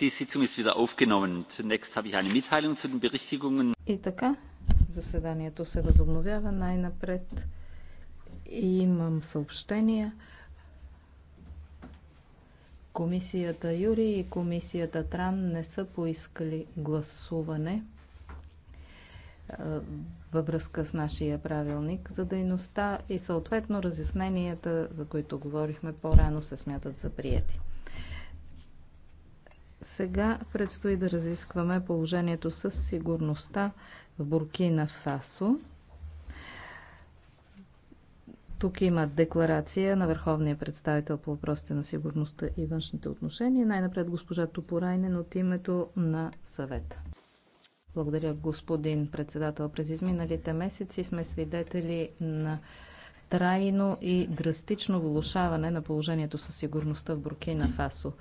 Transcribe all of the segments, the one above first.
И така, заседанието се възобновява най-напред. Имам съобщения. Комисията Юри и комисията Тран не са поискали гласуване във връзка с нашия правилник за дейността и съответно разясненията, за които говорихме по-рано, се смятат за прияти. Сега предстои да разискваме положението с сигурността в Буркина Фасо. Тук има декларация на Върховния представител по въпросите на сигурността и външните отношения. Най-напред госпожа Топорайнен от името на съвета. Благодаря, господин председател. През изминалите месеци сме свидетели на трайно и драстично влушаване на положението със сигурността в Буркина Фасо.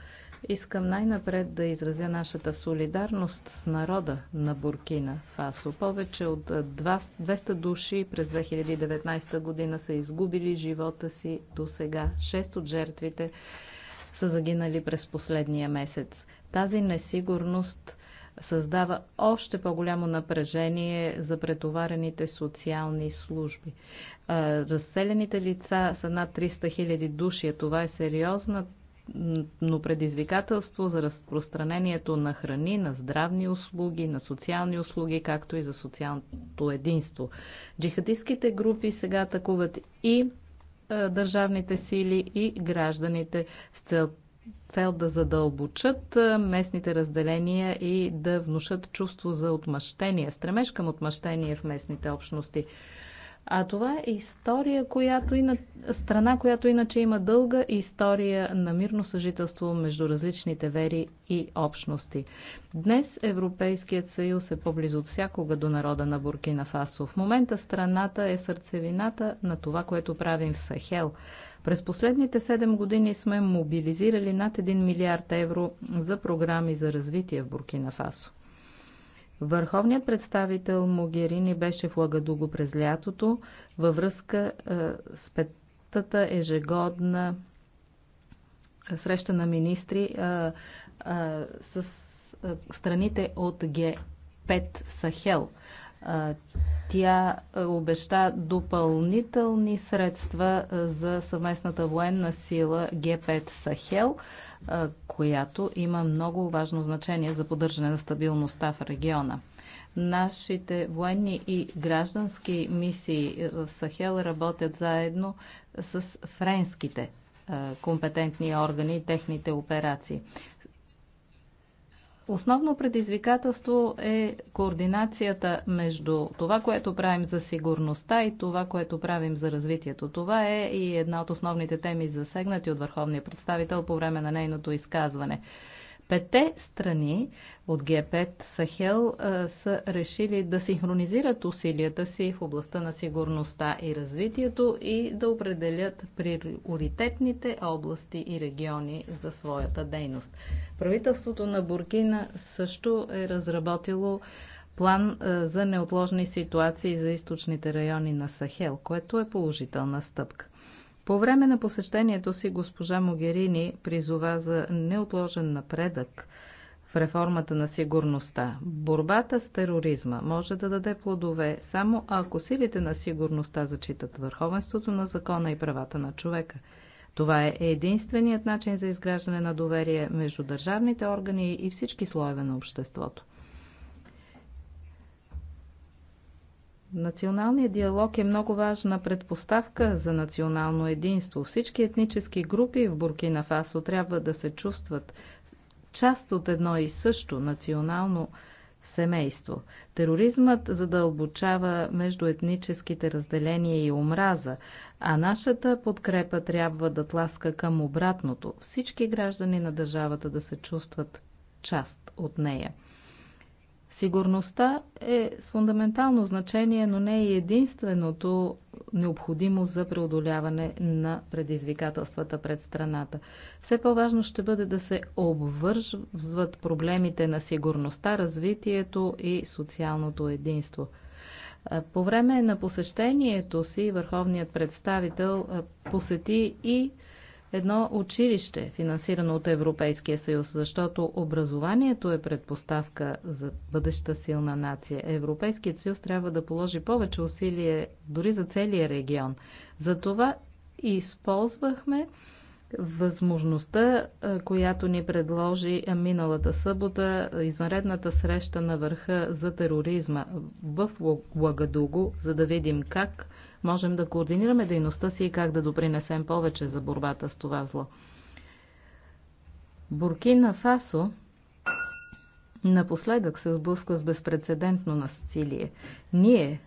Искам най-напред да изразя нашата солидарност с народа на Буркина Фасо. Повече от 200 души през 2019 година са изгубили живота си до сега. Шест от жертвите са загинали през последния месец. Тази несигурност създава още по-голямо напрежение за претоварените социални служби. Разселените лица са над 300 000 души. Това е сериозна но предизвикателство за разпространението на храни, на здравни услуги, на социални услуги, както и за социалното единство. Джихадистските групи сега атакуват и а, е, държавните сили, и гражданите с цел, цел да задълбочат е, местните разделения и да внушат чувство за отмъщение, стремеж към отмъщение в местните общности. А това е история, която ина... страна, която иначе има дълга история на мирно съжителство между различните вери и общности. Днес Европейският съюз е по-близо от всякога до народа на Буркина Фасо. В момента страната е сърцевината на това, което правим в Сахел. През последните 7 години сме мобилизирали над 1 милиард евро за програми за развитие в Буркина Фасо. Върховният представител Могерини беше в Лагадуго през лятото във връзка с петата ежегодна среща на министри с страните от Г5 Сахел. Тя е, обеща допълнителни средства е, за съвместната военна сила Г5 Сахел, е, която има много важно значение за поддържане на стабилността в региона. Нашите военни и граждански мисии в Сахел работят заедно с френските компетентни органи и техните операции. Основно предизвикателство е координацията между това, което правим за сигурността и това, което правим за развитието. Това е и една от основните теми, засегнати от върховния представител по време на нейното изказване. Пете страни от Г5 Сахел а, са решили да синхронизират усилията си в областта на сигурността и развитието и да определят приоритетните области и региони за своята дейност. Правителството на Буркина също е разработило план а, за неотложни ситуации за източните райони на Сахел, което е положителна стъпка. По време на посещението си госпожа Могерини призова за неотложен напредък в реформата на сигурността. Борбата с тероризма може да даде плодове само ако силите на сигурността зачитат върховенството на закона и правата на човека. Това е единственият начин за изграждане на доверие между държавните органи и всички слоеве на обществото. Националният диалог е много важна предпоставка за национално единство. Всички етнически групи в Буркина Фасо трябва да се чувстват част от едно и също национално семейство. Тероризмът задълбочава между етническите разделения и омраза, а нашата подкрепа трябва да тласка към обратното. Всички граждани на държавата да се чувстват част от нея. Сигурността е с фундаментално значение, но не е единственото необходимо за преодоляване на предизвикателствата пред страната. Все по-важно ще бъде да се обвързват проблемите на сигурността, развитието и социалното единство. По време на посещението си върховният представител посети и едно училище, финансирано от Европейския съюз, защото образованието е предпоставка за бъдеща силна нация. Европейският съюз трябва да положи повече усилие дори за целия регион. Затова използвахме възможността, която ни предложи миналата събота, извънредната среща на върха за тероризма в Лагадуго, за да видим как можем да координираме дейността си и как да допринесем повече за борбата с това зло. Буркина Фасо напоследък се сблъсква с безпредседентно насилие. Ние,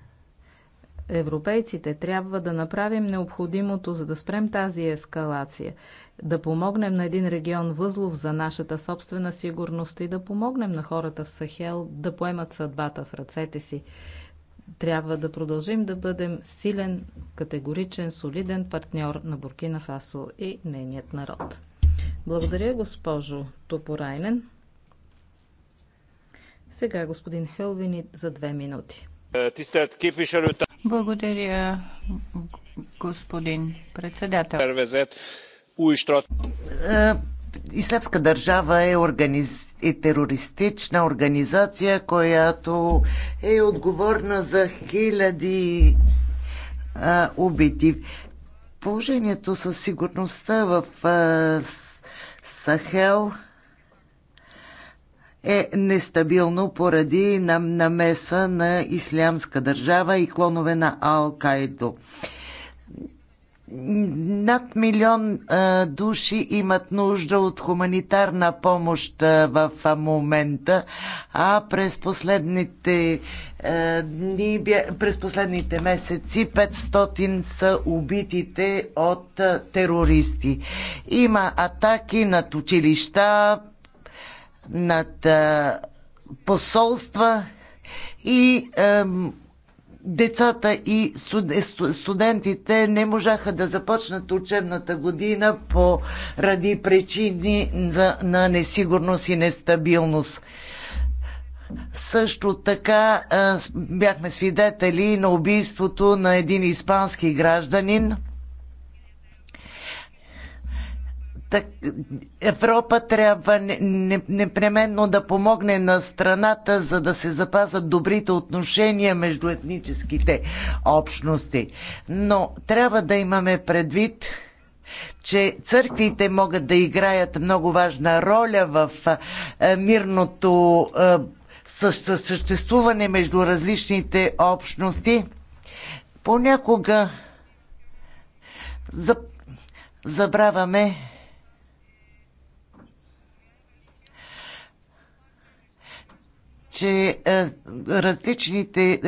европейците, трябва да направим необходимото, за да спрем тази ескалация, да помогнем на един регион възлов за нашата собствена сигурност и да помогнем на хората в Сахел да поемат съдбата в ръцете си. Трябва да продължим да бъдем силен, категоричен, солиден партньор на Буркина Фасо и нейният народ. Благодаря, госпожо Топорайнен. Сега господин Хелвини за две минути. Благодаря, господин председател. Ислямска държава е, организ... е терористична организация, която е отговорна за хиляди а, убити. Положението със сигурността в а, Сахел е нестабилно поради намеса на Ислямска държава и клонове на Ал-Кайдо над милион а, души имат нужда от хуманитарна помощ а, в а момента, а през последните а, дни, през последните месеци 500 са убитите от а, терористи. Има атаки над училища, над а, посолства и а, Децата и е, студентите не можаха да започнат учебната година поради причини за, на несигурност и нестабилност. Също така бяхме свидетели на убийството на един испански гражданин – Так, Европа трябва непременно да помогне на страната, за да се запазат добрите отношения между етническите общности. Но трябва да имаме предвид, че църквите могат да играят много важна роля в мирното съществуване между различните общности. Понякога забравяме че е, различните е,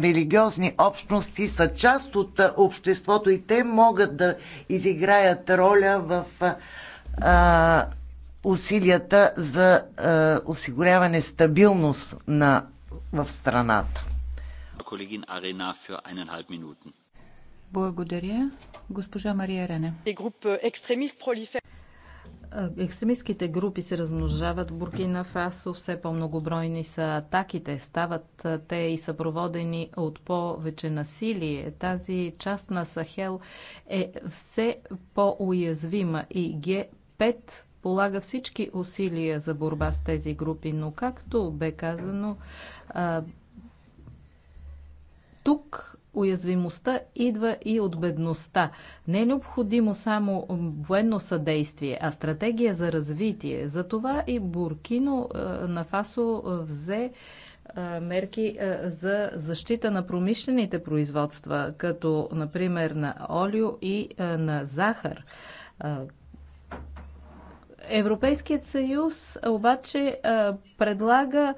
религиозни общности са част от е, обществото и те могат да изиграят роля в е, е усилията за е, осигуряване стабилност на, в страната. Колегин Арена Благодаря. Госпожа Мария Рене. Екстремистските групи се размножават в Буркина Фасо, все по-многобройни са атаките, стават те и са проводени от повече насилие. Тази част на Сахел е все по-уязвима и Г5 полага всички усилия за борба с тези групи, но както бе казано, тук уязвимостта идва и от бедността. Не е необходимо само военно съдействие, а стратегия за развитие. Затова и Буркино е, на Фасо е, взе е, мерки за защита на промишлените производства, като например на олио и на захар. Европейският съюз обаче предлага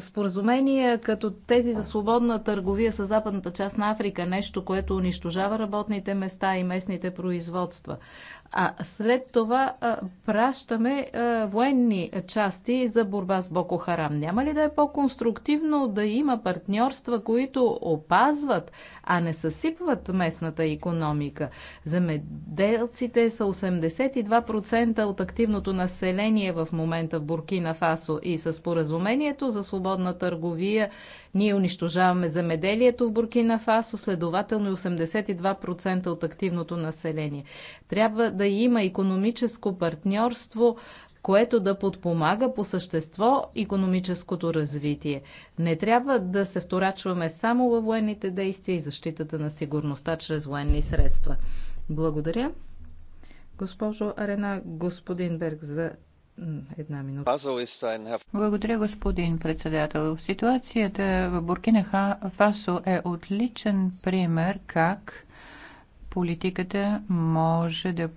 споразумения, е, като тези за свободна търговия с западната част на Африка, нещо, което унищожава работните места и местните производства. А след това а, е, пращаме а, е, военни части за борба с Боко Харам. Няма ли да е по-конструктивно да има партньорства, които опазват, а не съсипват местната економика? Земеделците са 82% от активното население в момента в Буркина Фасо и с поразумението за свободна търговия. Ние унищожаваме замеделието в Буркина Фасо, следователно и 82% от активното население. Трябва да има економическо партньорство, което да подпомага по същество економическото развитие. Не трябва да се вторачваме само във военните действия и защитата на сигурността чрез военни средства. Благодаря. Госпожо Арена, господин Берг, за една минута. Благодаря, господин председател. Ситуацията в Буркина Фасо е отличен пример как политиката може да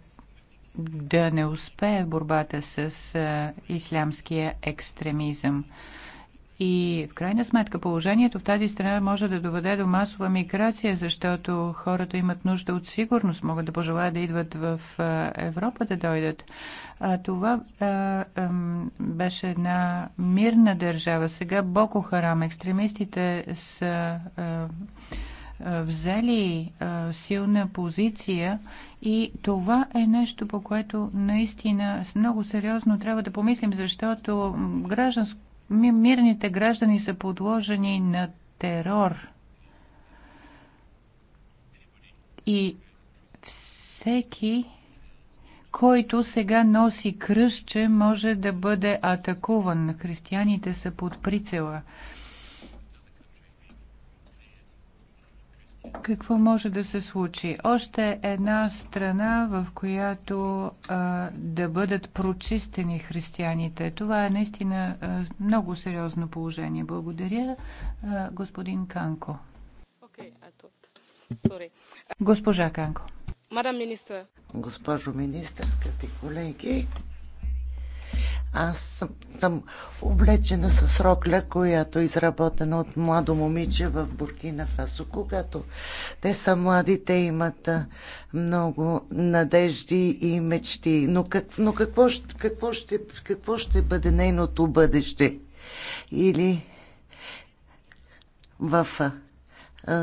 да не успее борбата с ислямския екстремизъм. И в крайна сметка положението в тази страна може да доведе до масова миграция, защото хората имат нужда от сигурност, могат да пожелаят да идват в Европа да дойдат. А това а, а, беше една мирна държава. Сега Боко Харам, екстремистите са а, а, взели а, силна позиция и това е нещо, по което наистина много сериозно трябва да помислим, защото гражданско мирните граждани са подложени на терор. И всеки, който сега носи кръстче, може да бъде атакуван. Християните са под прицела. Какво може да се случи? Още една страна, в която а, да бъдат прочистени християните. Това е наистина а, много сериозно положение. Благодаря, а, господин Канко. Госпожа Канко. Госпожо министър, скъпи колеги, аз съм, съм облечена с рокля, която е изработена от младо момиче в Буркина Фасо. Когато те са млади, те имат много надежди и мечти. Но, как, но какво, какво, ще, какво ще бъде нейното бъдеще? Или в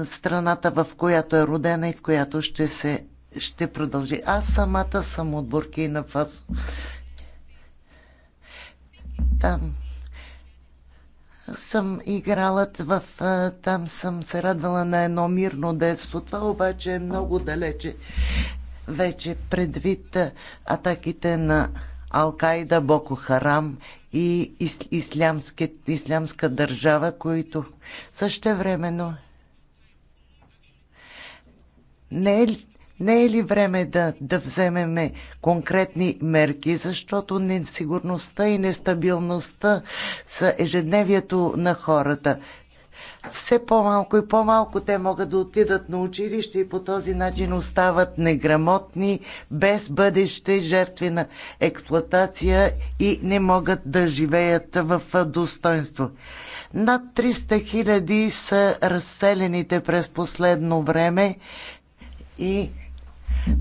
страната, в която е родена и в която ще се ще продължи. Аз самата съм от Буркина Фасо там съм играла в... Там съм се радвала на едно мирно детство. Това обаче е много далече вече предвид атаките на Алкайда, Боко Харам и ислямски, ислямска държава, които същевременно не е, не е ли време да, да вземеме конкретни мерки, защото несигурността и нестабилността са ежедневието на хората? все по-малко и по-малко те могат да отидат на училище и по този начин остават неграмотни, без бъдеще, жертви на експлоатация и не могат да живеят в достоинство. Над 300 хиляди са разселените през последно време и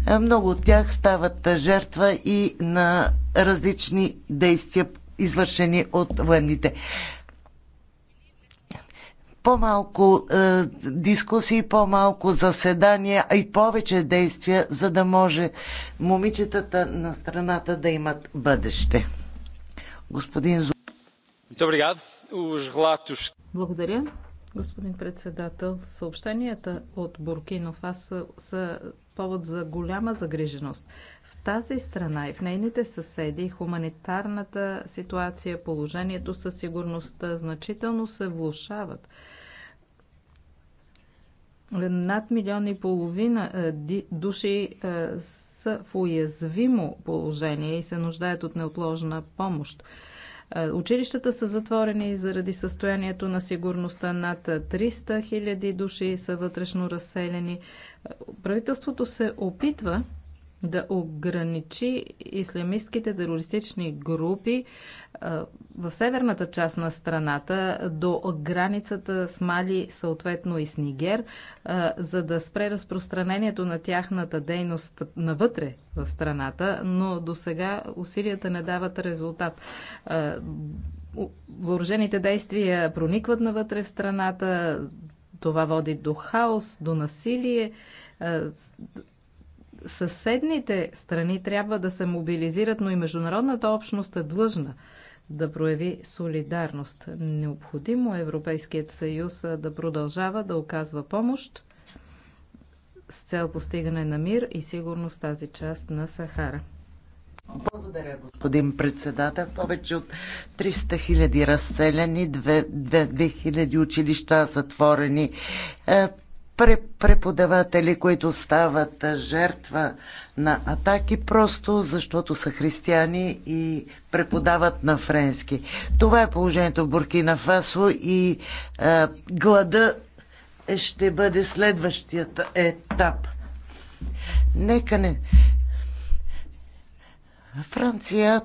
е, много от тях стават жертва и на различни действия, извършени от военните. По-малко е, дискусии, по-малко заседания, а и повече действия, за да може момичетата на страната да имат бъдеще. Господин Зу... Благодаря, господин председател. Съобщенията от Буркино Фасо са повод за голяма загриженост. В тази страна и в нейните съседи хуманитарната ситуация, положението със сигурността значително се влушават. Над милион и половина е, души е, са в уязвимо положение и се нуждаят от неотложна помощ. Е, училищата са затворени заради състоянието на сигурността. Над 300 000 души са вътрешно разселени. Е, правителството се опитва да ограничи исламистските терористични групи в северната част на страната до границата с Мали, съответно и с Нигер, за да спре разпространението на тяхната дейност навътре в страната, но до сега усилията не дават резултат въоръжените действия проникват навътре в страната, това води до хаос, до насилие съседните страни трябва да се мобилизират, но и международната общност е длъжна да прояви солидарност. Необходимо е Европейският съюз да продължава да оказва помощ с цел постигане на мир и сигурност тази част на Сахара. Благодаря, господин председател. Повече от 300 хиляди разселени, 2000 училища затворени, е, преподаватели, които стават жертва на атаки, просто защото са християни и преподават на френски. Това е положението в Буркина Фасо и е, глада ще бъде следващият етап. Нека не. Франция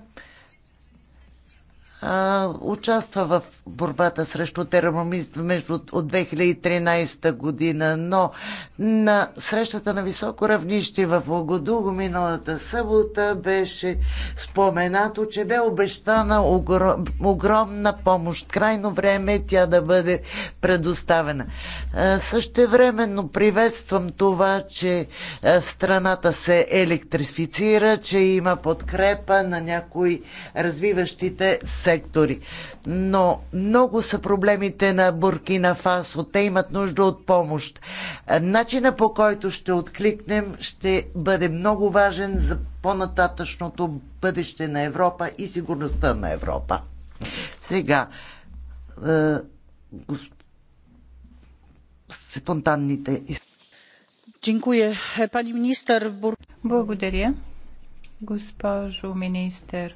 а, участва в борбата срещу тероризма между от 2013 година, но на срещата на високо равнище в Огодуго миналата събота беше споменато, че бе обещана огром, огромна помощ. Крайно време е тя да бъде предоставена. Същевременно приветствам това, че страната се електрифицира, че има подкрепа на някои развиващите се сектори. Но много са проблемите на Буркина Фасо. Те имат нужда от помощ. Начина по който ще откликнем ще бъде много важен за по-нататъчното бъдеще на Европа и сигурността на Европа. Сега, е, спонтанните. Благодаря, госпожо министър.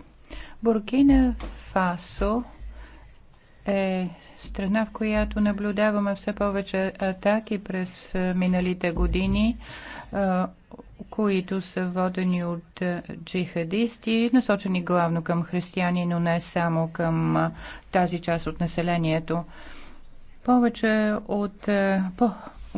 Буркина Фасо е страна, в която наблюдаваме все повече атаки през миналите години, които са водени от джихадисти, насочени главно към християни, но не само към тази част от населението. Повече от по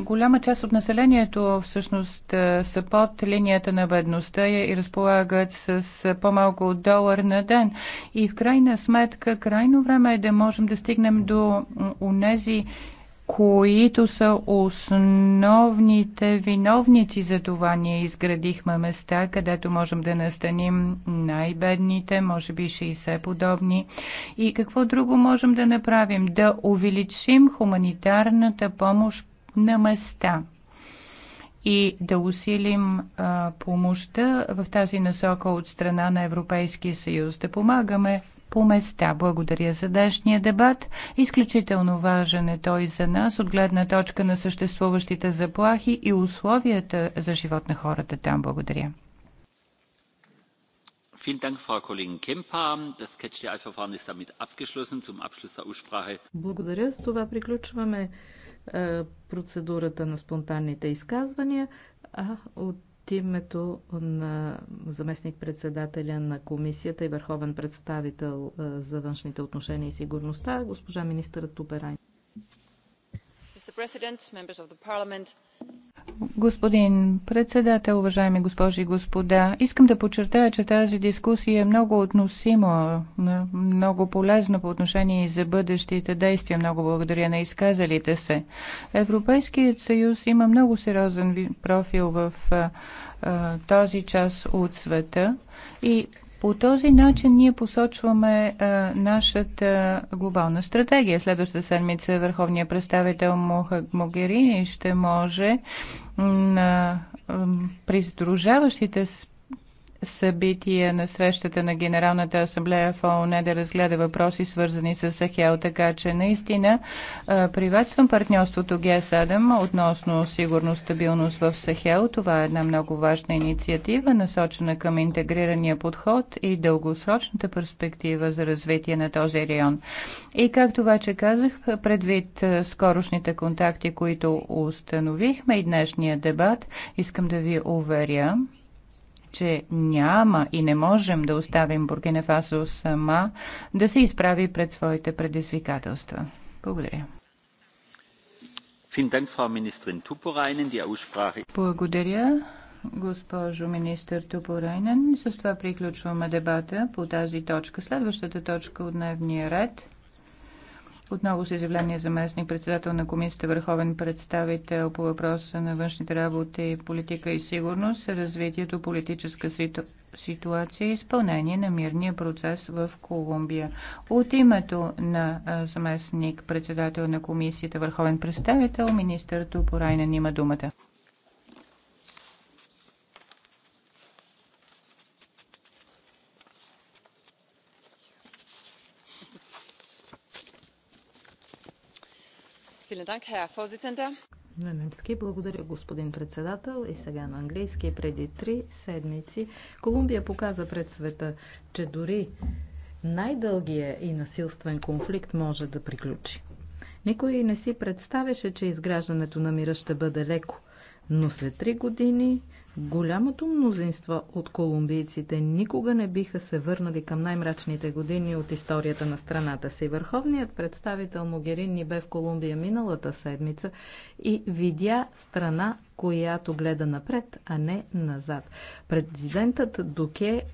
Голяма част от населението всъщност е, са под линията на бедността и разполагат с по-малко от долар на ден. И в крайна сметка, крайно време е да можем да стигнем до унези които са основните виновници за това. Ние изградихме места, където можем да настаним най-бедните, може би 60 подобни. И какво друго можем да направим? Да увеличим хуманитарната помощ на места и да усилим а, помощта в тази насока от страна на Европейския съюз, да помагаме по места. Благодаря за днешния дебат. Изключително важен е той за нас от гледна точка на съществуващите заплахи и условията за живот на хората там. Благодаря. Благодаря. С това приключваме е, процедурата на спонтанните изказвания, а от името на заместник-председателя на комисията и върховен представител е, за външните отношения и сигурността, госпожа министърът Туперайн. Господин председател, уважаеми госпожи и господа, искам да подчертая, че тази дискусия е много относима, много полезна по отношение и за бъдещите действия. Много благодаря на изказалите се. Европейският съюз има много сериозен профил в този час от света и по този начин ние посочваме а, нашата глобална стратегия. Следващата седмица върховният представител Мохак Могерини ще може на придружаващите с събитие на срещата на Генералната асамблея в ООН да разгледа въпроси, свързани с Сахел, така че наистина приветствам партньорството Г7 относно сигурност, стабилност в Сахел. Това е една много важна инициатива, насочена към интегрирания подход и дългосрочната перспектива за развитие на този район. И както вече казах, предвид скорошните контакти, които установихме и днешния дебат, искам да ви уверя, че няма и не можем да оставим Буркина Фасо сама да се изправи пред своите предизвикателства. Благодаря. Благодаря, госпожо министър Тупорайнен. С това приключваме дебата по тази точка. Следващата точка от дневния ред – отново с изявление заместник председател на комисията Върховен представител по въпроса на външните работи, политика и сигурност, развитието, политическа ситу... ситуация и изпълнение на мирния процес в Колумбия. От името на заместник председател на комисията Върховен представител, министър Тупорайна има думата. На немски благодаря, господин председател. И сега на английски преди три седмици Колумбия показа пред света, че дори най-дългия и насилствен конфликт може да приключи. Никой не си представяше, че изграждането на мира ще бъде леко, но след три години Голямото мнозинство от колумбийците никога не биха се върнали към най-мрачните години от историята на страната си. Върховният представител Могерин ни бе в Колумбия миналата седмица и видя страна, която гледа напред, а не назад. Президентът Дуке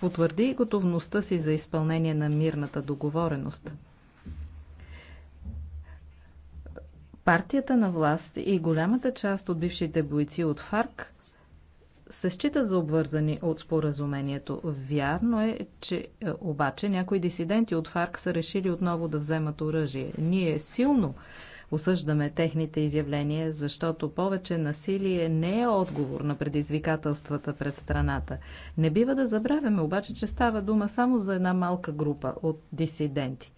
потвърди готовността си за изпълнение на мирната договореност. Партията на власт и голямата част от бившите бойци от ФАРК се считат за обвързани от споразумението. Вярно е, че е, обаче някои дисиденти от ФАРК са решили отново да вземат оръжие. Ние силно осъждаме техните изявления, защото повече насилие не е отговор на предизвикателствата пред страната. Не бива да забравяме обаче, че става дума само за една малка група от дисиденти.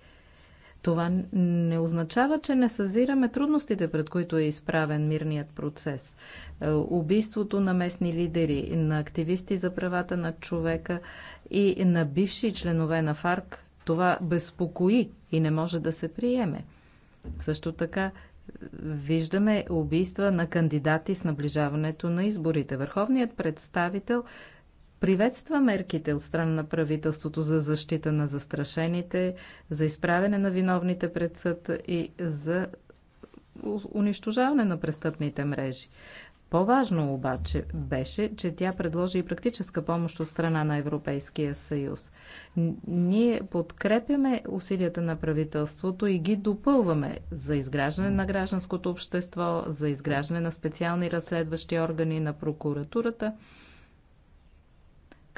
Това не означава, че не съзираме трудностите, пред които е изправен мирният процес. Е, убийството на местни лидери, на активисти за правата на човека и на бивши членове на ФАРК, това безпокои и не може да се приеме. Също така е, виждаме убийства на кандидати с наближаването на изборите. Върховният представител приветства мерките от страна на правителството за защита на застрашените, за изправене на виновните пред съд и за унищожаване на престъпните мрежи. По-важно обаче беше, че тя предложи и практическа помощ от страна на Европейския съюз. Ние подкрепяме усилията на правителството и ги допълваме за изграждане на гражданското общество, за изграждане на специални разследващи органи на прокуратурата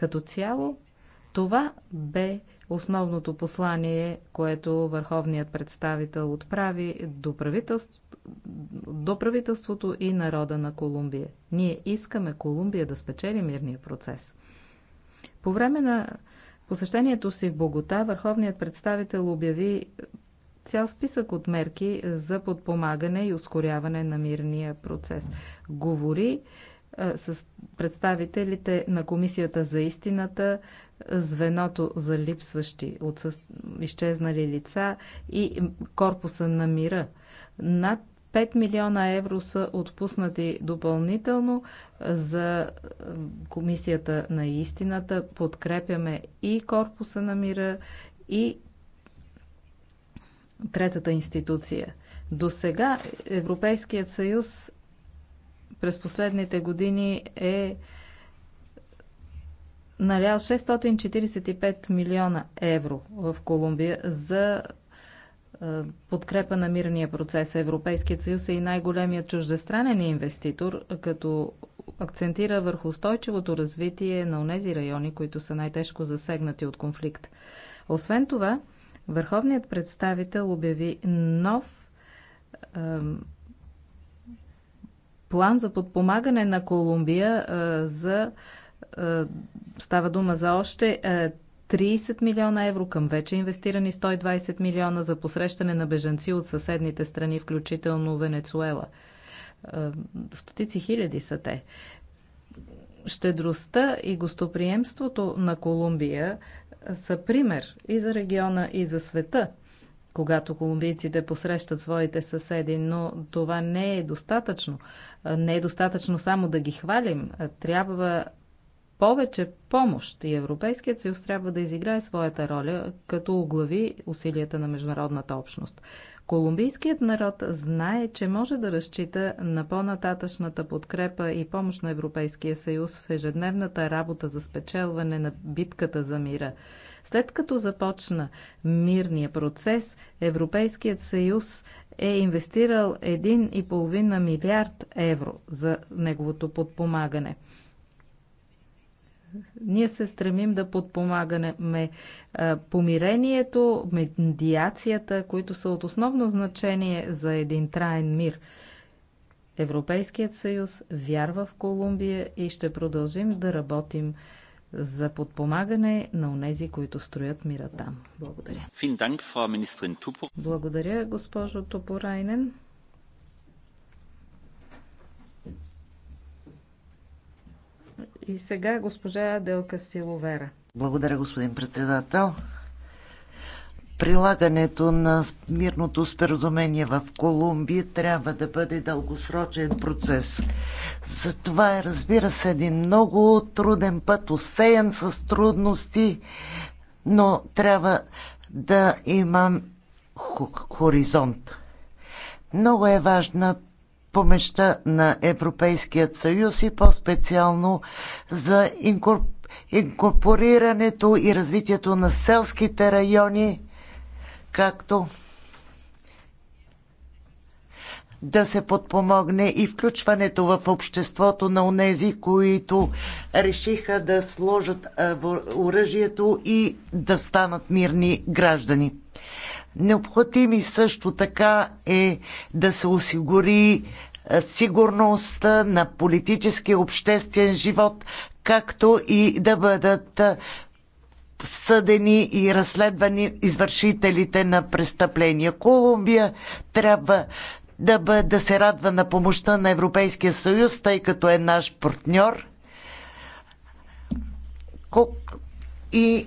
като цяло, това бе основното послание, което върховният представител отправи до, правителство, до правителството и народа на Колумбия. Ние искаме Колумбия да спечели мирния процес. По време на посещението си в Богота, върховният представител обяви цял списък от мерки за подпомагане и ускоряване на мирния процес. Говори с представителите на Комисията за истината, звеното за липсващи, отсъст... изчезнали лица и корпуса на мира. Над 5 милиона евро са отпуснати допълнително за Комисията на истината. Подкрепяме и корпуса на мира, и третата институция. До сега Европейският съюз през последните години е налял 645 милиона евро в Колумбия за е, подкрепа на мирния процес. Европейският съюз е и най-големият чуждестранен инвеститор, като акцентира върху устойчивото развитие на онези райони, които са най-тежко засегнати от конфликт. Освен това, върховният представител обяви нов е, план за подпомагане на Колумбия за става дума за още 30 милиона евро към вече инвестирани 120 милиона за посрещане на бежанци от съседните страни, включително Венецуела. Стотици хиляди са те. Щедростта и гостоприемството на Колумбия са пример и за региона, и за света – когато колумбийците посрещат своите съседи, но това не е достатъчно. Не е достатъчно само да ги хвалим. Трябва повече помощ и Европейският съюз трябва да изиграе своята роля, като оглави усилията на международната общност. Колумбийският народ знае, че може да разчита на по-нататъчната подкрепа и помощ на Европейския съюз в ежедневната работа за спечелване на битката за мира. След като започна мирния процес, Европейският съюз е инвестирал 1,5 милиард евро за неговото подпомагане. Ние се стремим да подпомагаме помирението, медиацията, които са от основно значение за един траен мир. Европейският съюз вярва в Колумбия и ще продължим да работим за подпомагане на онези, които строят мира там. Благодаря. Благодаря, госпожо Топорайнен. И сега госпожа Делка Силовера. Благодаря, господин председател прилагането на мирното споразумение в Колумбия трябва да бъде дългосрочен процес. Затова е, разбира се, един много труден път, усеян с трудности, но трябва да имам хоризонт. Много е важна помеща на Европейският съюз и по-специално за инкорпорирането и развитието на селските райони както да се подпомогне и включването в обществото на онези, които решиха да сложат оръжието и да станат мирни граждани. Необходими също така е да се осигури сигурността на политически обществен живот, както и да бъдат съдени и разследвани извършителите на престъпления. Колумбия трябва да, бъ, да се радва на помощта на Европейския съюз, тъй като е наш партньор. И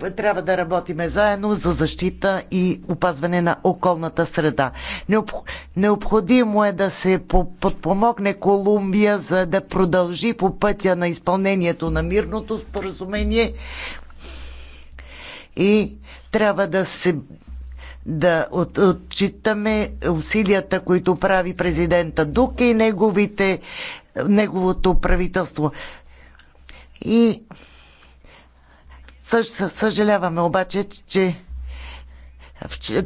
е, трябва да работиме заедно за защита и опазване на околната среда. Необ, необходимо е да се подпомогне Колумбия, за да продължи по пътя на изпълнението на мирното споразумение, и трябва да се да от, отчитаме усилията, които прави президента Дук и неговите, неговото правителство. И съж, съжаляваме обаче, че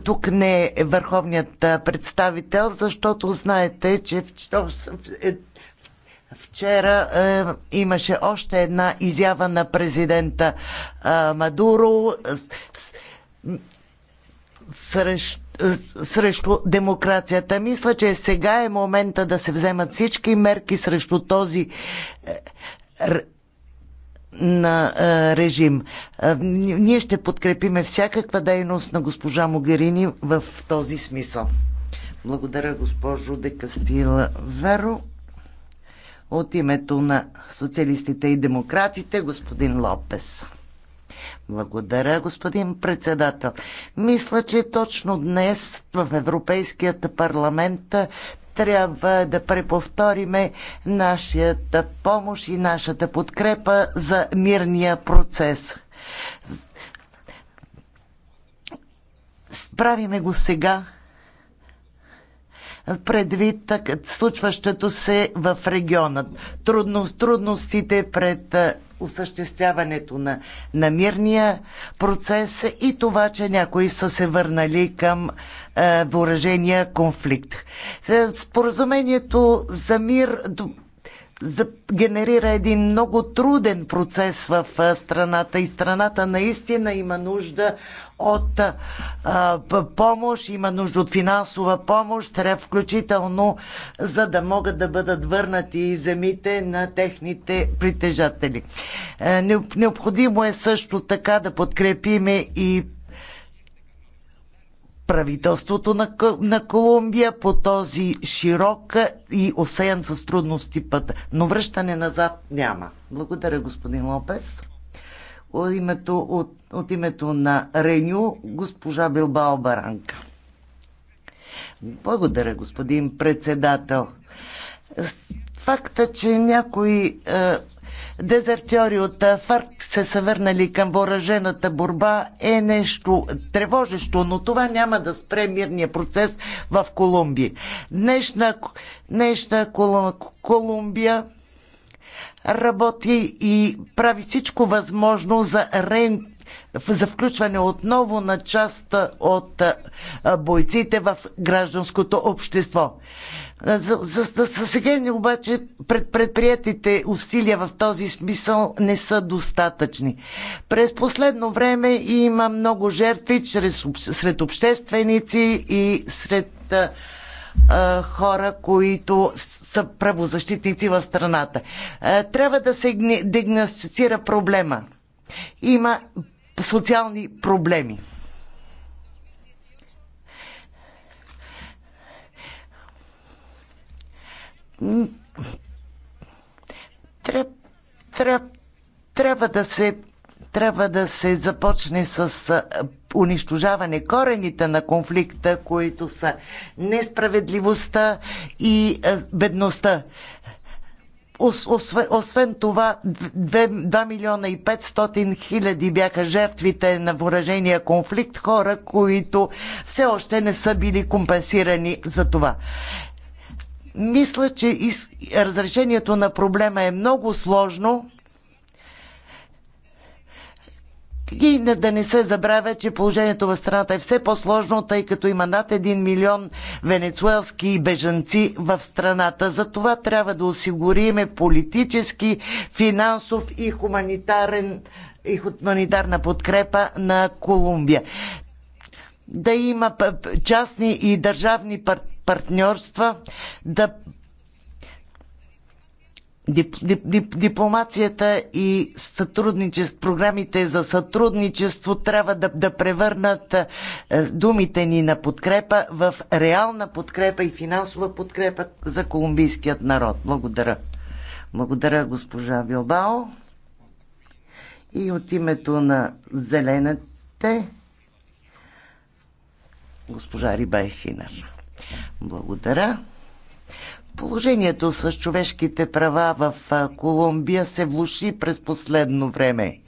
тук не е върховният представител, защото знаете, че Вчера е, имаше още една изява на президента е, Мадуро срещу, е, срещу демокрацията. Мисля, че сега е момента да се вземат всички мерки срещу този е, на е, режим. Е, ние ще подкрепиме всякаква дейност на госпожа Могерини в този смисъл. Благодаря, госпожо Декастила Веро от името на социалистите и демократите господин Лопес. Благодаря, господин председател. Мисля, че точно днес в Европейският парламент трябва да преповториме нашата помощ и нашата подкрепа за мирния процес. Справиме го сега предвид случващото се в региона. Трудно, трудностите пред осъществяването на, на мирния процес и това, че някои са се върнали към е, въоръжения конфликт. Е, споразумението за мир генерира един много труден процес в страната и страната наистина има нужда от помощ, има нужда от финансова помощ, включително за да могат да бъдат върнати земите на техните притежатели. Е, необходимо е също така да подкрепиме и правителството на, на Колумбия по този широк и осеян с трудности път. Но връщане назад няма. Благодаря, господин Лопес. От името, от, от името на Реню, госпожа Билбао Баранка. Благодаря, господин председател. Факта, че някои е, дезертьори от ФАРК се са върнали към въоръжената борба е нещо тревожещо, но това няма да спре мирния процес в Колумбия. Днешна, днешна Колумбия работи и прави всичко възможно за рен за включване отново на част от бойците в гражданското общество. За, за, за, за сега обаче пред, предприятите усилия в този смисъл не са достатъчни. През последно време има много жертви чрез, сред общественици и сред а, а, хора, които са правозащитници в страната. А, трябва да се дигностицира проблема. Има социални проблеми. Тръп, тръп, трябва да се трябва да се започне с унищожаване корените на конфликта, които са несправедливостта и бедността. Освен, освен това, 2, 2 милиона и 500 хиляди бяха жертвите на въоръжения конфликт, хора, които все още не са били компенсирани за това. Мисля, че из... разрешението на проблема е много сложно. И да не се забравя, че положението в страната е все по-сложно, тъй като има над 1 милион венецуелски бежанци в страната. За това трябва да осигуриме политически, финансов и хуманитарен и хуманитарна подкрепа на Колумбия. Да има частни и държавни партии партньорства, да дип, дип, дип, дипломацията и сътрудничество, програмите за сътрудничество трябва да, да превърнат е, думите ни на подкрепа в реална подкрепа и финансова подкрепа за колумбийският народ. Благодаря. Благодаря, госпожа Билбао. И от името на Зелените, госпожа Рибай Хинер. Благодаря. Положението с човешките права в Колумбия се влуши през последно време.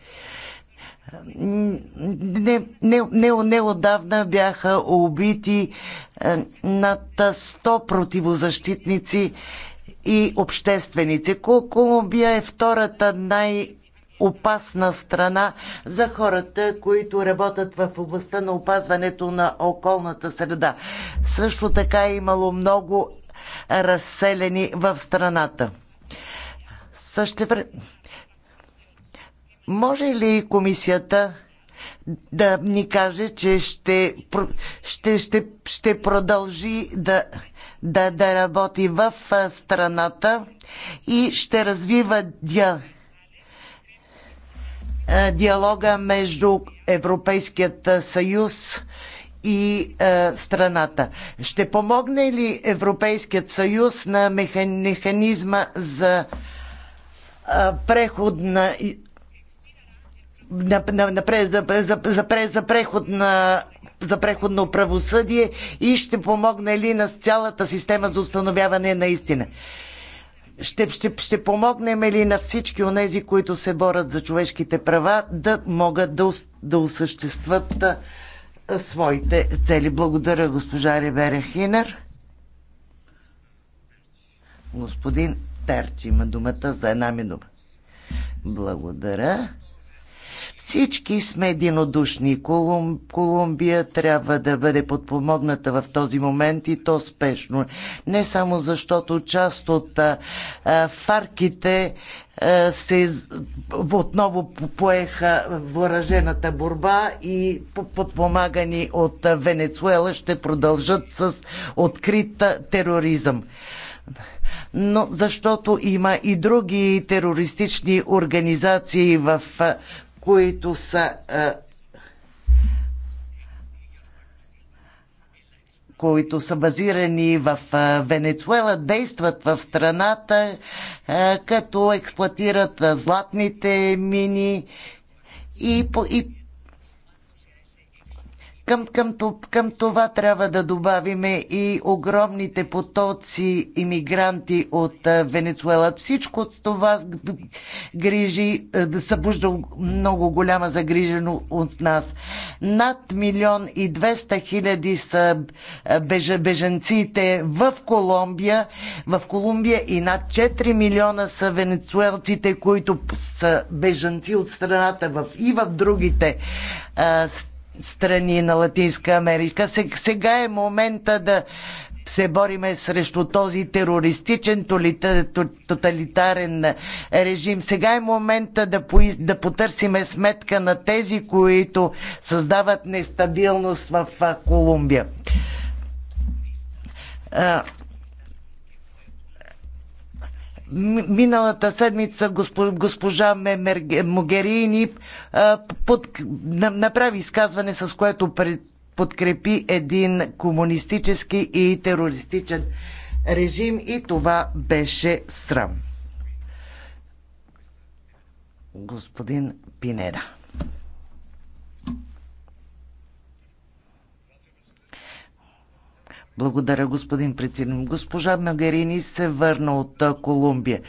Неодавна не, не, не бяха убити над 100 противозащитници и общественици. Колумбия е втората най- опасна страна за хората, които работят в областта на опазването на околната среда. Също така е имало много разселени в страната. Също Може ли комисията да ни каже, че ще, ще, ще, ще продължи да, да, да работи в страната и ще развива дя, е, диалога между Европейският съюз и е, страната. Ще помогне ли Европейският съюз на механизма за е, преход на на, на, на, за, за, за, за преход на за преходно правосъдие и ще помогне ли на цялата система за установяване на истина ще, ще, ще помогнем ли на всички онези, които се борят за човешките права, да могат да, да осъществят своите цели. Благодаря, госпожа Ривера Хинер. Господин Терч има думата за една минута. Благодаря. Всички сме единодушни. Колум, Колумбия трябва да бъде подпомогната в този момент и то спешно. Не само защото част от а, фарките а, се отново поеха въоръжената борба и подпомагани от Венецуела ще продължат с открит тероризъм но защото има и други терористични организации в които са е, които са базирани в е, Венецуела, действат в страната, е, като експлуатират златните мини и, и към, към, към това трябва да добавиме и огромните потоци иммигранти от Венецуела. Всичко от това грижи, да събужда много голяма загрижено от нас. Над милион и 200 хиляди са беж, беженците в Колумбия, в Колумбия и над 4 милиона са венецуелците, които са беженци от страната в, и в другите а, страни страни на Латинска Америка. Сега е момента да се бориме срещу този терористичен тоталитарен режим. Сега е момента да, по- да потърсиме сметка на тези, които създават нестабилност в Колумбия. Миналата седмица госпожа Могерини направи изказване, с което подкрепи един комунистически и терористичен режим и това беше срам. Господин Пинера. Благодаря, господин председател. Госпожа Магарини се върна от Колумбия.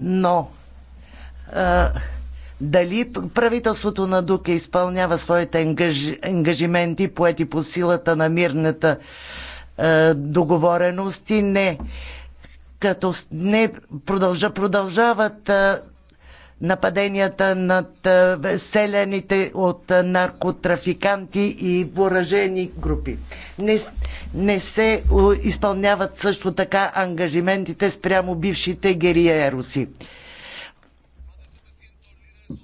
Но а, дали правителството на Дуке изпълнява своите ангаж... ангажименти, поети по силата на мирната а, договореност и не? Като не продължа, продължават а, нападенията над селяните от наркотрафиканти и въоръжени групи. Не, не се изпълняват също така ангажиментите спрямо бившите гериероси.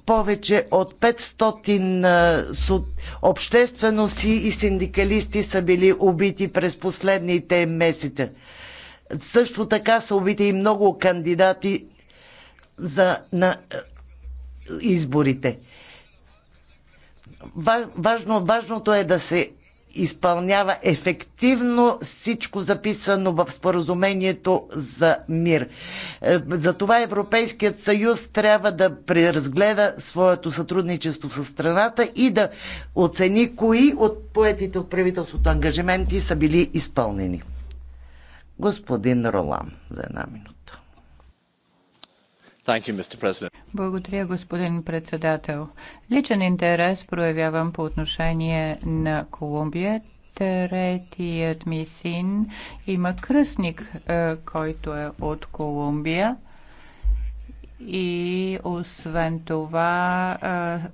Повече от 500 обществености и синдикалисти са били убити през последните месеца. Също така са убити и много кандидати за, на е, изборите. Важно, важното е да се изпълнява ефективно всичко записано в споразумението за мир. Е, затова Европейският съюз трябва да преразгледа своето сътрудничество с страната и да оцени кои от поетите от правителството ангажименти са били изпълнени. Господин Ролан, за една минута. You, Благодаря, господин председател. Личен интерес проявявам по отношение на Колумбия. Третият ми син има кръстник, е, който е от Колумбия. И освен това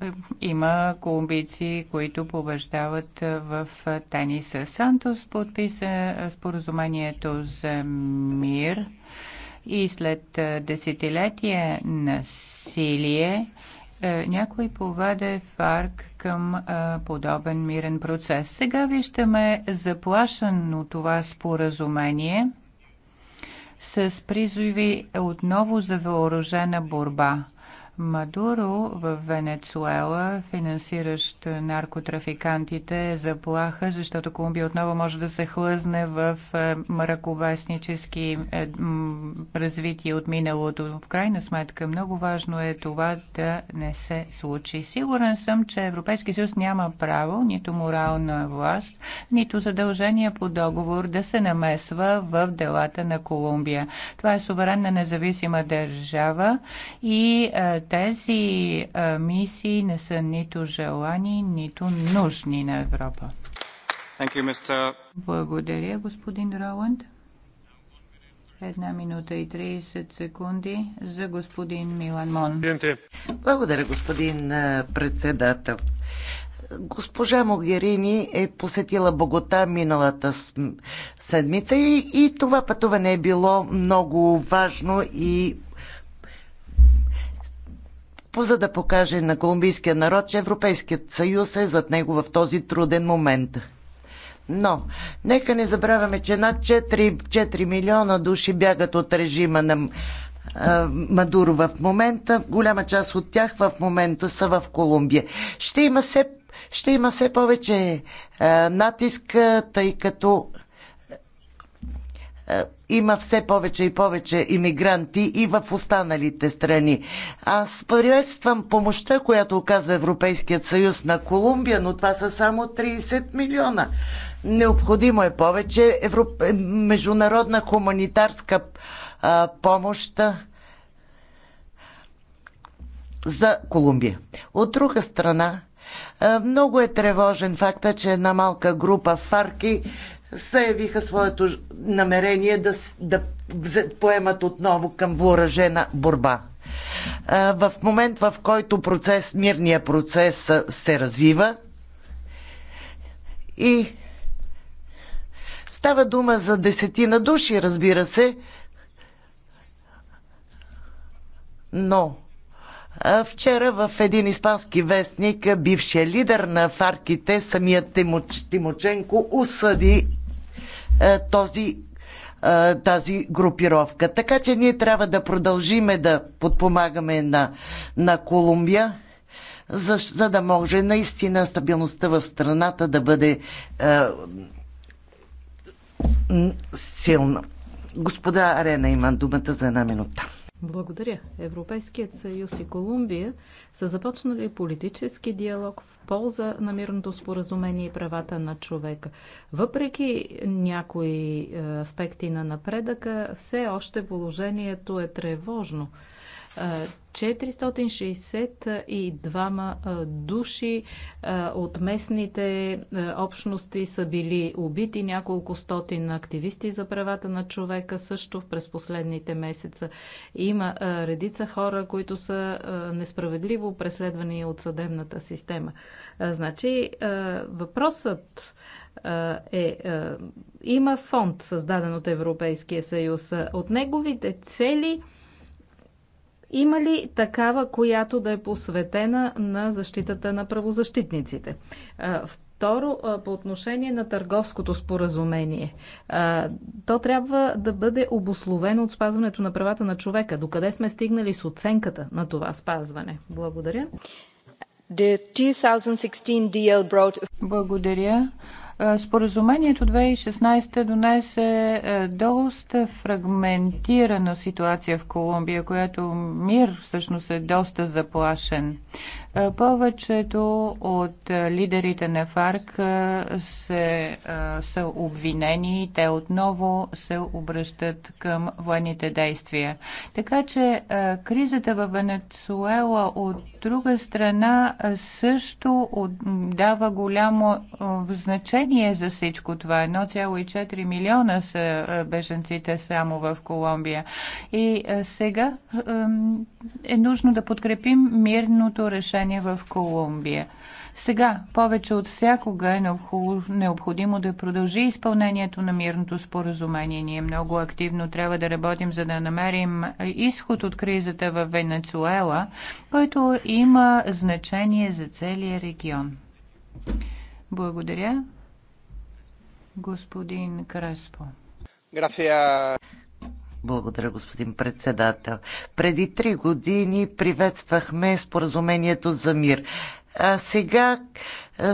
е, има колумбийци, които побеждават в тениса. Сантос подписа споразумението за мир и след десетилетие насилие някой поведе фарк към подобен мирен процес. Сега виждаме заплашено това споразумение с призови отново за въоръжена борба. Мадуро в Венецуела, финансиращ наркотрафикантите, е заплаха, защото Колумбия отново може да се хлъзне в е, мракобеснически е, развитие от миналото. В крайна сметка много важно е това да не се случи. Сигурен съм, че Европейски съюз няма право, нито морална власт, нито задължение по договор да се намесва в делата на Колумбия. Това е суверенна независима държава и е, тези мисии не са нито желани, нито нужни на Европа. You, Благодаря, господин Роланд. Една минута и 30 секунди за господин Милан Мон. Благодаря, господин председател. Госпожа Могерини е посетила Богота миналата седмица и, и това пътуване е било много важно и за да покаже на колумбийския народ, че Европейският съюз е зад него в този труден момент. Но, нека не забравяме, че над 4, 4 милиона души бягат от режима на Мадуро в момента. Голяма част от тях в момента са в Колумбия. Ще има все, ще има все повече натиск, тъй като има все повече и повече иммигранти и в останалите страни. Аз приветствам помощта, която оказва Европейският съюз на Колумбия, но това са само 30 милиона. Необходимо е повече Европ... международна хуманитарска а, помощ за Колумбия. От друга страна, много е тревожен факта, че една малка група фарки заявиха своето намерение да, да поемат отново към въоръжена борба. В момент, в който процес, мирния процес се развива и става дума за десетина души, разбира се, но Вчера в един испански вестник бившия лидер на фарките, самият Тимоченко, осъди е, този е, тази групировка. Така че ние трябва да продължиме да подпомагаме на, на Колумбия, за, за да може наистина стабилността в страната да бъде е, силна. Господа Арена има думата за една минута. Благодаря. Европейският съюз и Колумбия са започнали политически диалог в полза на мирното споразумение и правата на човека. Въпреки някои е, аспекти на напредъка, все още положението е тревожно. 462 души от местните общности са били убити, няколко стотин активисти за правата на човека също през последните месеца. Има редица хора, които са несправедливо преследвани от съдебната система. Значи въпросът е, има фонд, създаден от Европейския съюз. От неговите цели – има ли такава, която да е посветена на защитата на правозащитниците? Второ, по отношение на търговското споразумение. То трябва да бъде обословено от спазването на правата на човека. Докъде сме стигнали с оценката на това спазване? Благодаря. The 2016 deal brought... Благодаря. Е, споразумението 2016 донесе е, доста фрагментирана ситуация в Колумбия, която мир всъщност е доста заплашен. Е, повечето от е, лидерите на ФАРК е, се, са обвинени и те отново се обръщат към военните действия. Така че кризата в Венецуела от друга страна също дава голямо значение за всичко това. 1,4 милиона са беженците само в Колумбия. И сега е нужно да подкрепим мирното решение посещение в Колумбия. Сега повече от всякога е необходимо да продължи изпълнението на мирното споразумение. Ние много активно трябва да работим, за да намерим изход от кризата в Венецуела, който има значение за целия регион. Благодаря. Господин Креспо. Графия. Благодаря, господин председател. Преди три години приветствахме споразумението за мир. А сега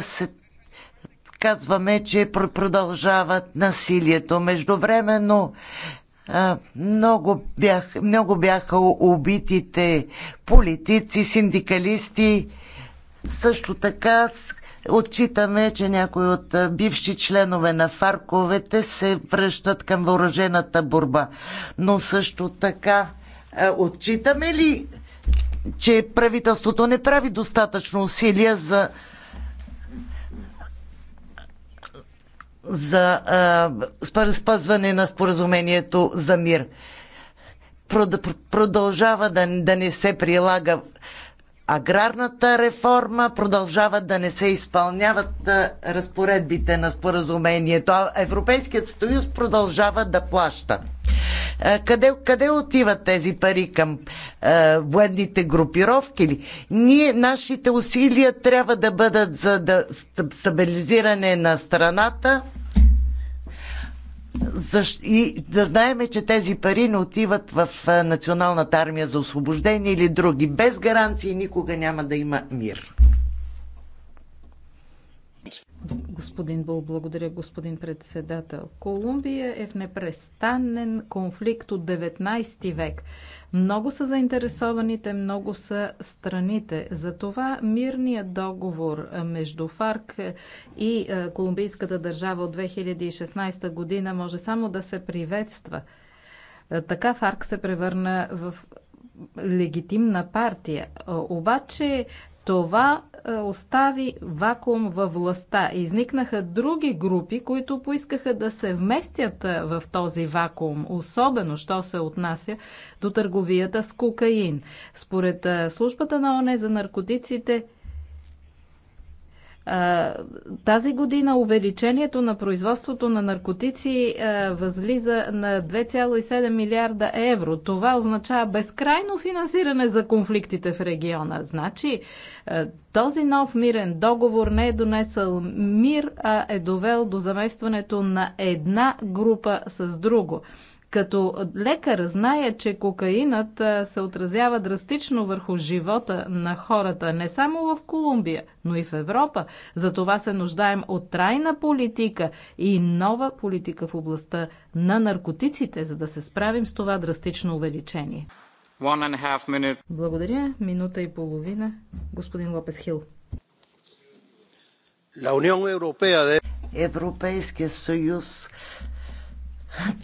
се казваме, че продължават насилието. Междувременно много, бях, много бяха убитите политици, синдикалисти. Също така Отчитаме, че някои от бивши членове на фарковете се връщат към въоръжената борба. Но също така, отчитаме ли, че правителството не прави достатъчно усилия за за а, спазване на споразумението за мир. Продължава да, да не се прилага аграрната реформа, продължават да не се изпълняват разпоредбите на споразумението, а Европейският съюз продължава да плаща. Къде, къде отиват тези пари към е, военните групировки? Ли? Ние, нашите усилия трябва да бъдат за да стабилизиране на страната, и да знаеме, че тези пари не отиват в Националната армия за освобождение или други. Без гаранции никога няма да има мир. Господин Бул, благодаря, господин председател. Колумбия е в непрестанен конфликт от 19 век. Много са заинтересованите, много са страните. Затова мирният договор между ФАРК и колумбийската държава от 2016 година може само да се приветства. Така ФАРК се превърна в легитимна партия. Обаче това е, остави вакуум във властта. Изникнаха други групи, които поискаха да се вместят е, в този вакуум, особено що се отнася до търговията с кокаин. Според е, службата на ОНЕ за наркотиците, тази година увеличението на производството на наркотици възлиза на 2,7 милиарда евро. Това означава безкрайно финансиране за конфликтите в региона. Значи този нов мирен договор не е донесъл мир, а е довел до заместването на една група с друго. Като лекар зная, че кокаинът се отразява драстично върху живота на хората не само в Колумбия, но и в Европа. Затова се нуждаем от трайна политика и нова политика в областта на наркотиците, за да се справим с това драстично увеличение. Благодаря. Минута и половина. Господин Лопес Хил. Европейския съюз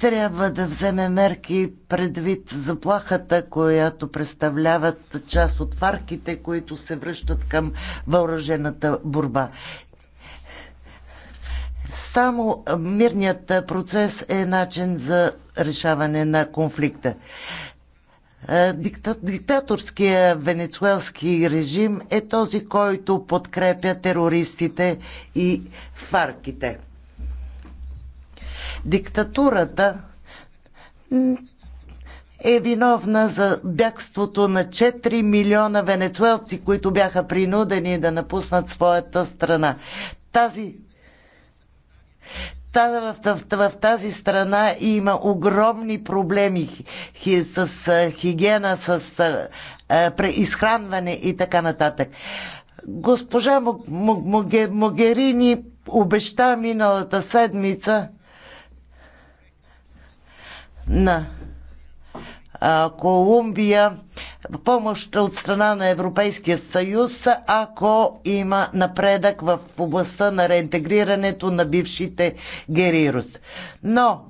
трябва да вземе мерки предвид заплахата, която представляват част от фарките, които се връщат към въоръжената борба. Само мирният процес е начин за решаване на конфликта. Е, дикта, диктаторския венецуелски режим е този, който подкрепя терористите и фарките. Диктатурата е виновна за бягството на 4 милиона венецуелци, които бяха принудени да напуснат своята страна. Тази в, в, в тази страна има огромни проблеми хи, с хигиена, с а, изхранване и така нататък. Госпожа Могерини обеща миналата седмица на Колумбия помощ от страна на Европейския съюз, ако има напредък в областта на реинтегрирането на бившите герирус. Но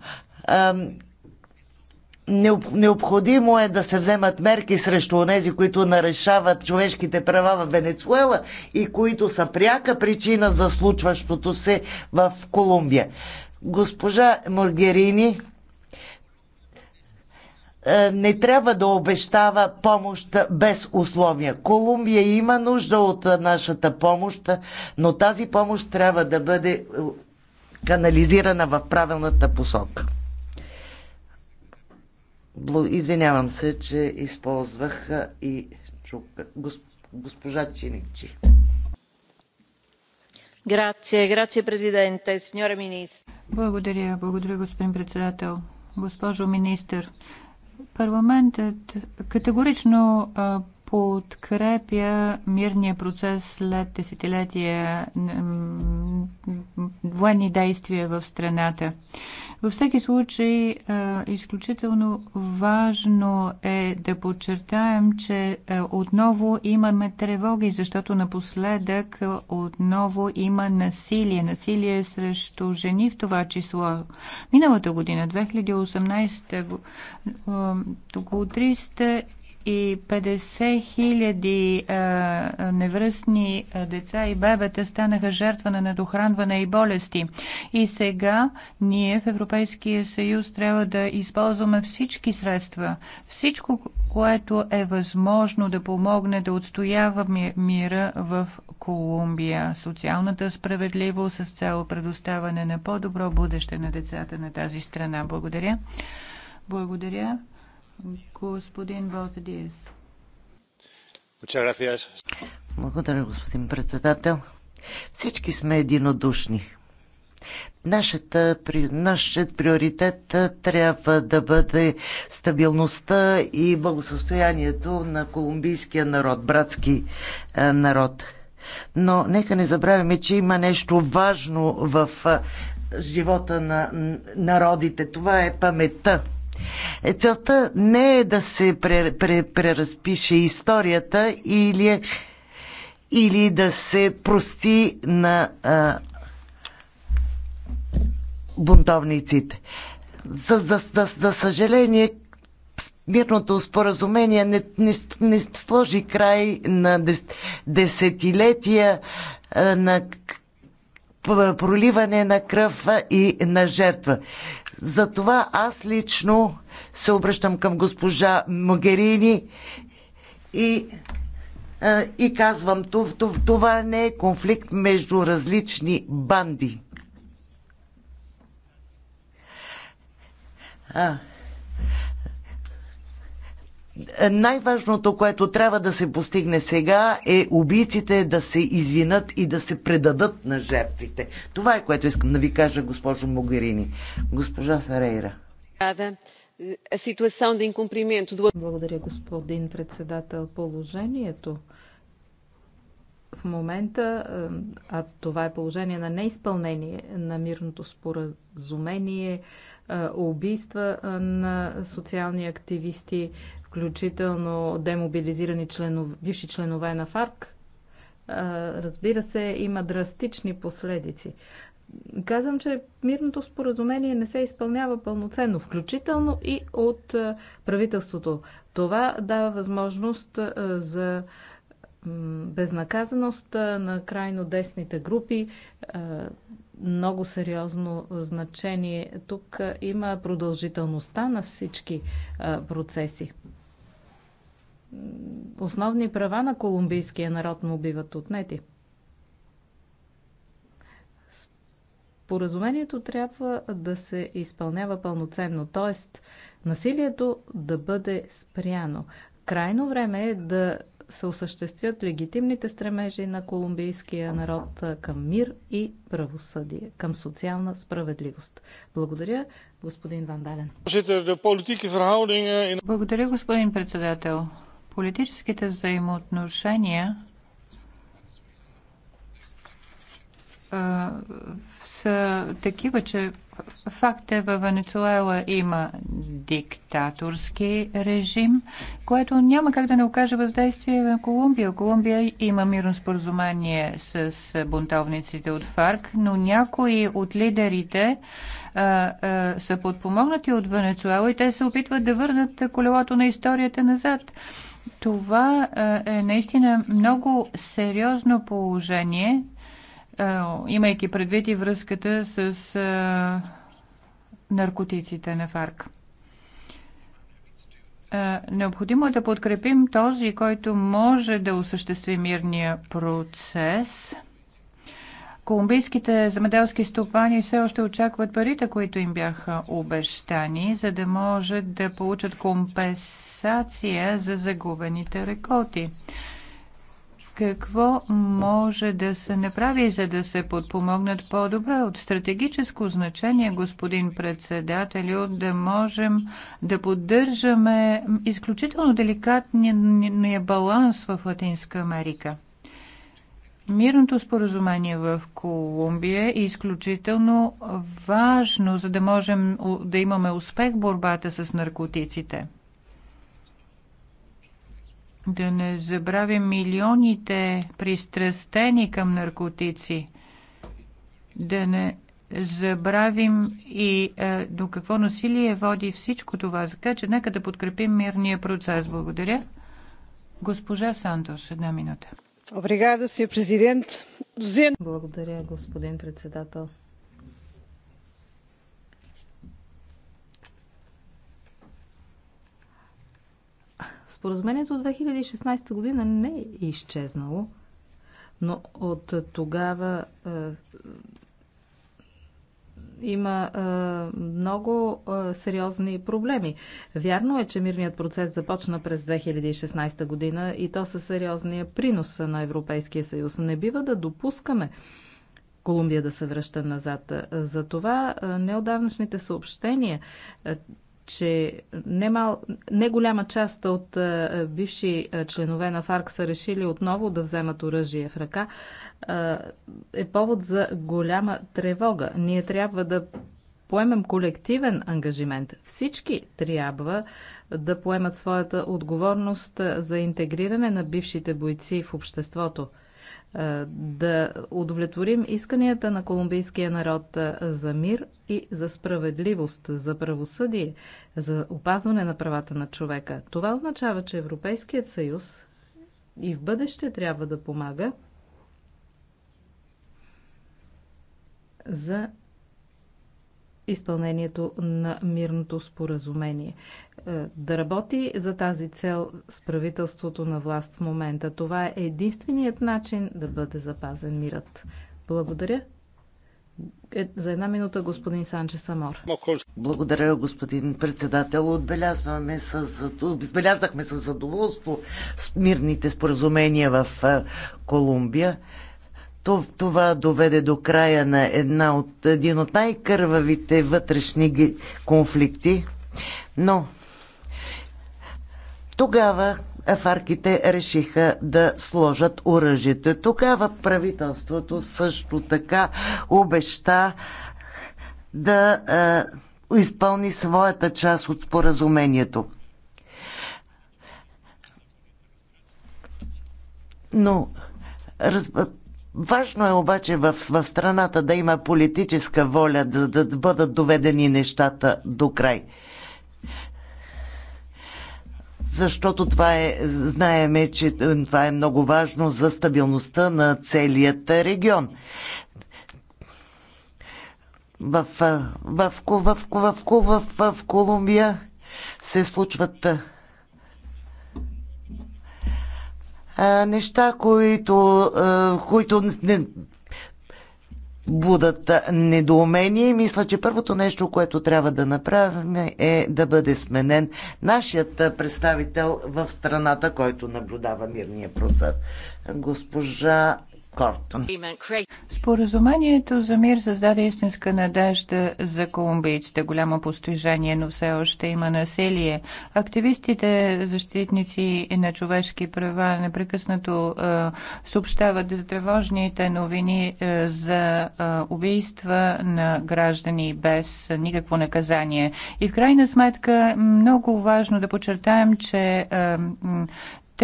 Необходимо е да се вземат мерки срещу онези, които нарешават човешките права в Венецуела и които са пряка причина за случващото се в Колумбия. Госпожа Моргерини е, не трябва да обещава помощ без условия. Колумбия има нужда от е, нашата помощ, но тази помощ трябва да бъде е, канализирана в правилната посока. Извинявам се, че използвах и чука. госпожа Чиничи. Грация, грация президенте, сеньора министр. Благодаря, благодаря господин председател. Госпожо министър, Парламентът категорично подкрепя мирния процес след десетилетия военни действия в страната. Във всеки случай, изключително важно е да подчертаем, че отново имаме тревоги, защото напоследък отново има насилие. Насилие срещу жени в това число. Миналата година, 2018, около 300 и 50 хиляди невръстни деца и бебета станаха жертва на недохранване и болести. И сега ние в Европейския съюз трябва да използваме всички средства, всичко, което е възможно да помогне да отстоява мира в Колумбия, социалната справедливост с цел предоставане на по-добро бъдеще на децата на тази страна. Благодаря. Благодаря. Господин Благодаря, господин председател. Всички сме единодушни. Нашата, нашият приоритет трябва да бъде стабилността и благосъстоянието на колумбийския народ, братски народ. Но нека не забравяме, че има нещо важно в живота на народите. Това е паметта. Е, целта не е да се преразпише историята или, или да се прости на а, бунтовниците. За, за, за, за съжаление, мирното споразумение не, не, не сложи край на десетилетия а, на проливане на кръв и на жертва. Затова аз лично се обръщам към госпожа Могерини и, и казвам, това не е конфликт между различни банди. А най-важното, което трябва да се постигне сега е убийците да се извинат и да се предадат на жертвите. Това е което искам да ви кажа, госпожо Могерини. Госпожа Ферейра. Благодаря, господин председател. Положението в момента, а това е положение на неизпълнение на мирното споразумение, убийства на социални активисти, включително демобилизирани членов, бивши членове на ФАРК, разбира се, има драстични последици. Казвам, че мирното споразумение не се изпълнява пълноценно, включително и от правителството. Това дава възможност за безнаказаност на крайно десните групи. Много сериозно значение тук има продължителността на всички процеси основни права на колумбийския народ му биват отнети. Споразумението трябва да се изпълнява пълноценно, т.е. насилието да бъде спряно. Крайно време е да се осъществят легитимните стремежи на колумбийския народ към мир и правосъдие, към социална справедливост. Благодаря, господин Вандален. Благодаря, господин председател. Политическите взаимоотношения са такива, че факт е във Венецуела има диктаторски режим, което няма как да не окаже въздействие в Колумбия. Колумбия има мирно споразумение с бунтовниците от ФАРК, но някои от лидерите а, а, са подпомогнати от Венецуела и те се опитват да върнат колелото на историята назад. Това е, е наистина много сериозно положение, е, имайки предвид и връзката с е, наркотиците на ФАРК. Необходимо е да подкрепим този, който може да осъществи мирния процес. Колумбийските земеделски стопани все още очакват парите, които им бяха обещани, за да може да получат компенсация компенсация за загубените реколти. Какво може да се направи, за да се подпомогнат по-добре от стратегическо значение, господин председателю, е да можем да поддържаме изключително деликатния баланс в Латинска Америка? Мирното споразумение в Колумбия е изключително важно, за да можем да имаме успех в борбата с наркотиците. Да не забравим милионите пристрастени към наркотици. Да не забравим и е, до какво насилие води всичко това. Така че нека да подкрепим мирния процес. Благодаря. Госпожа Сантош, една минута. Обригада, си президент. Благодаря, господин председател. Споразумението от 2016 година не е изчезнало, но от тогава е, има е, много е, сериозни проблеми. Вярно е, че мирният процес започна през 2016 година и то със сериозния принос на Европейския съюз. Не бива да допускаме Колумбия да се връща назад. Затова неодавнашните съобщения че немал, не голяма част от а, е, бивши а, е, членове на ФАРК са решили отново да вземат оръжие в ръка, а, е, е повод за голяма тревога. Ние трябва да поемем колективен ангажимент. Всички трябва да поемат своята отговорност за интегриране на бившите бойци в обществото. Е, да удовлетворим исканията на колумбийския народ е, за мир и за справедливост, за правосъдие, за опазване на правата на човека. Това означава, че Европейският съюз и в бъдеще трябва да помага за изпълнението на мирното споразумение. Е, да работи за тази цел с правителството на власт в момента. Това е единственият начин да бъде запазен мирът. Благодаря. Е, за една минута господин Санче Самор. Благодаря, господин председател. Отбелязваме с, отбелязахме с задоволство с мирните споразумения в е, Колумбия това доведе до края на една от, един от най-кървавите вътрешни конфликти. Но тогава афарките решиха да сложат оръжието. Тогава правителството също така обеща да е, изпълни своята част от споразумението. Но Важно е обаче в, в страната да има политическа воля да, да бъдат доведени нещата до край. Защото това е, знаеме, че е, това е много важно за стабилността на целият регион в, в, в, в, в, в, в, в Колумбия се случват неща, които, които не, будат недоумение. Мисля, че първото нещо, което трябва да направим е да бъде сменен нашият представител в страната, който наблюдава мирния процес. Госпожа Кортон. Споразумението за мир създаде истинска надежда за колумбийците. Голямо постижение, но все още има насилие. Активистите, защитници на човешки права непрекъснато е, съобщават за тревожните новини е, за е, убийства на граждани без никакво наказание. И в крайна сметка много важно да подчертаем, че е,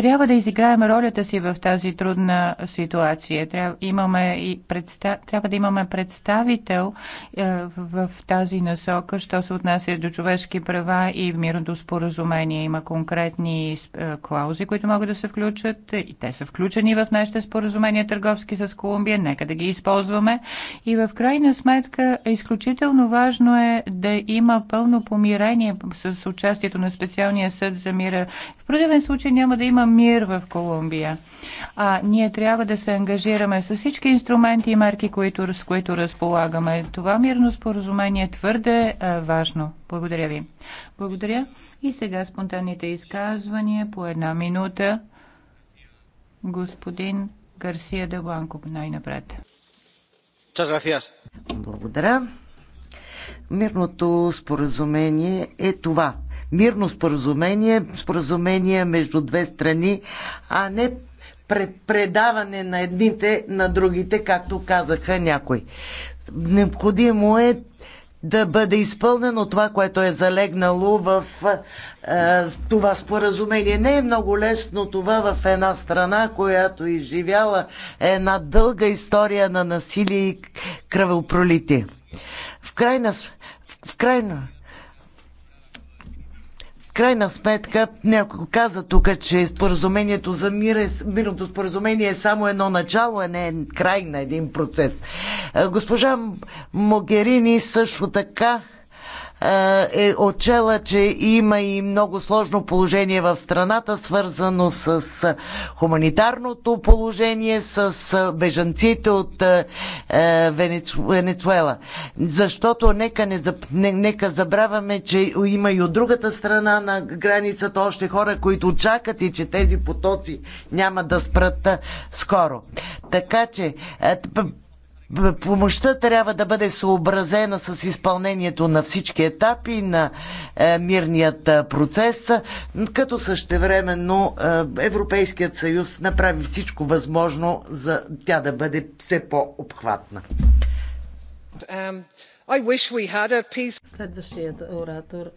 трябва да изиграем ролята си в тази трудна ситуация. Трябва, имаме и представ... Трябва да имаме представител е, в тази насока, що се отнася до човешки права и мирното споразумение. Има конкретни е, клаузи, които могат да се включат и те са включени в нашите споразумения търговски с Колумбия. Нека да ги използваме. И в крайна сметка изключително важно е да има пълно помирение с участието на специалния съд за мира. В противен случай няма да има мир в Колумбия. А ние трябва да се ангажираме с всички инструменти и мерки, които, с които разполагаме. Това мирно споразумение е твърде е, важно. Благодаря ви. Благодаря. И сега спонтанните изказвания по една минута. Господин Гарсия Бланко, най-напред. Благодаря. Мирното споразумение е това мирно споразумение, споразумение между две страни, а не предаване на едните на другите, както казаха някои. Необходимо е да бъде изпълнено това, което е залегнало в е, това споразумение. Не е много лесно това в една страна, която изживяла една дълга история на насилие и кръвопролитие. В крайна, в крайна, крайна сметка някой каза тук, че споразумението за мир е мирното споразумение е само едно начало, а не е край на един процес. Госпожа Могерини също така е, е отчела, че има и много сложно положение в страната, свързано с е, хуманитарното положение, с е, бежанците от Венецуела. Защото нека, не, нека забравяме, че има и от другата страна на границата още хора, които чакат и че тези потоци няма да спрат скоро. Така че Помощта трябва да бъде съобразена с изпълнението на всички етапи на е, мирният е, процес, като същевременно е, Европейският съюз направи всичко възможно за тя да бъде все по-обхватна. Следващият оратор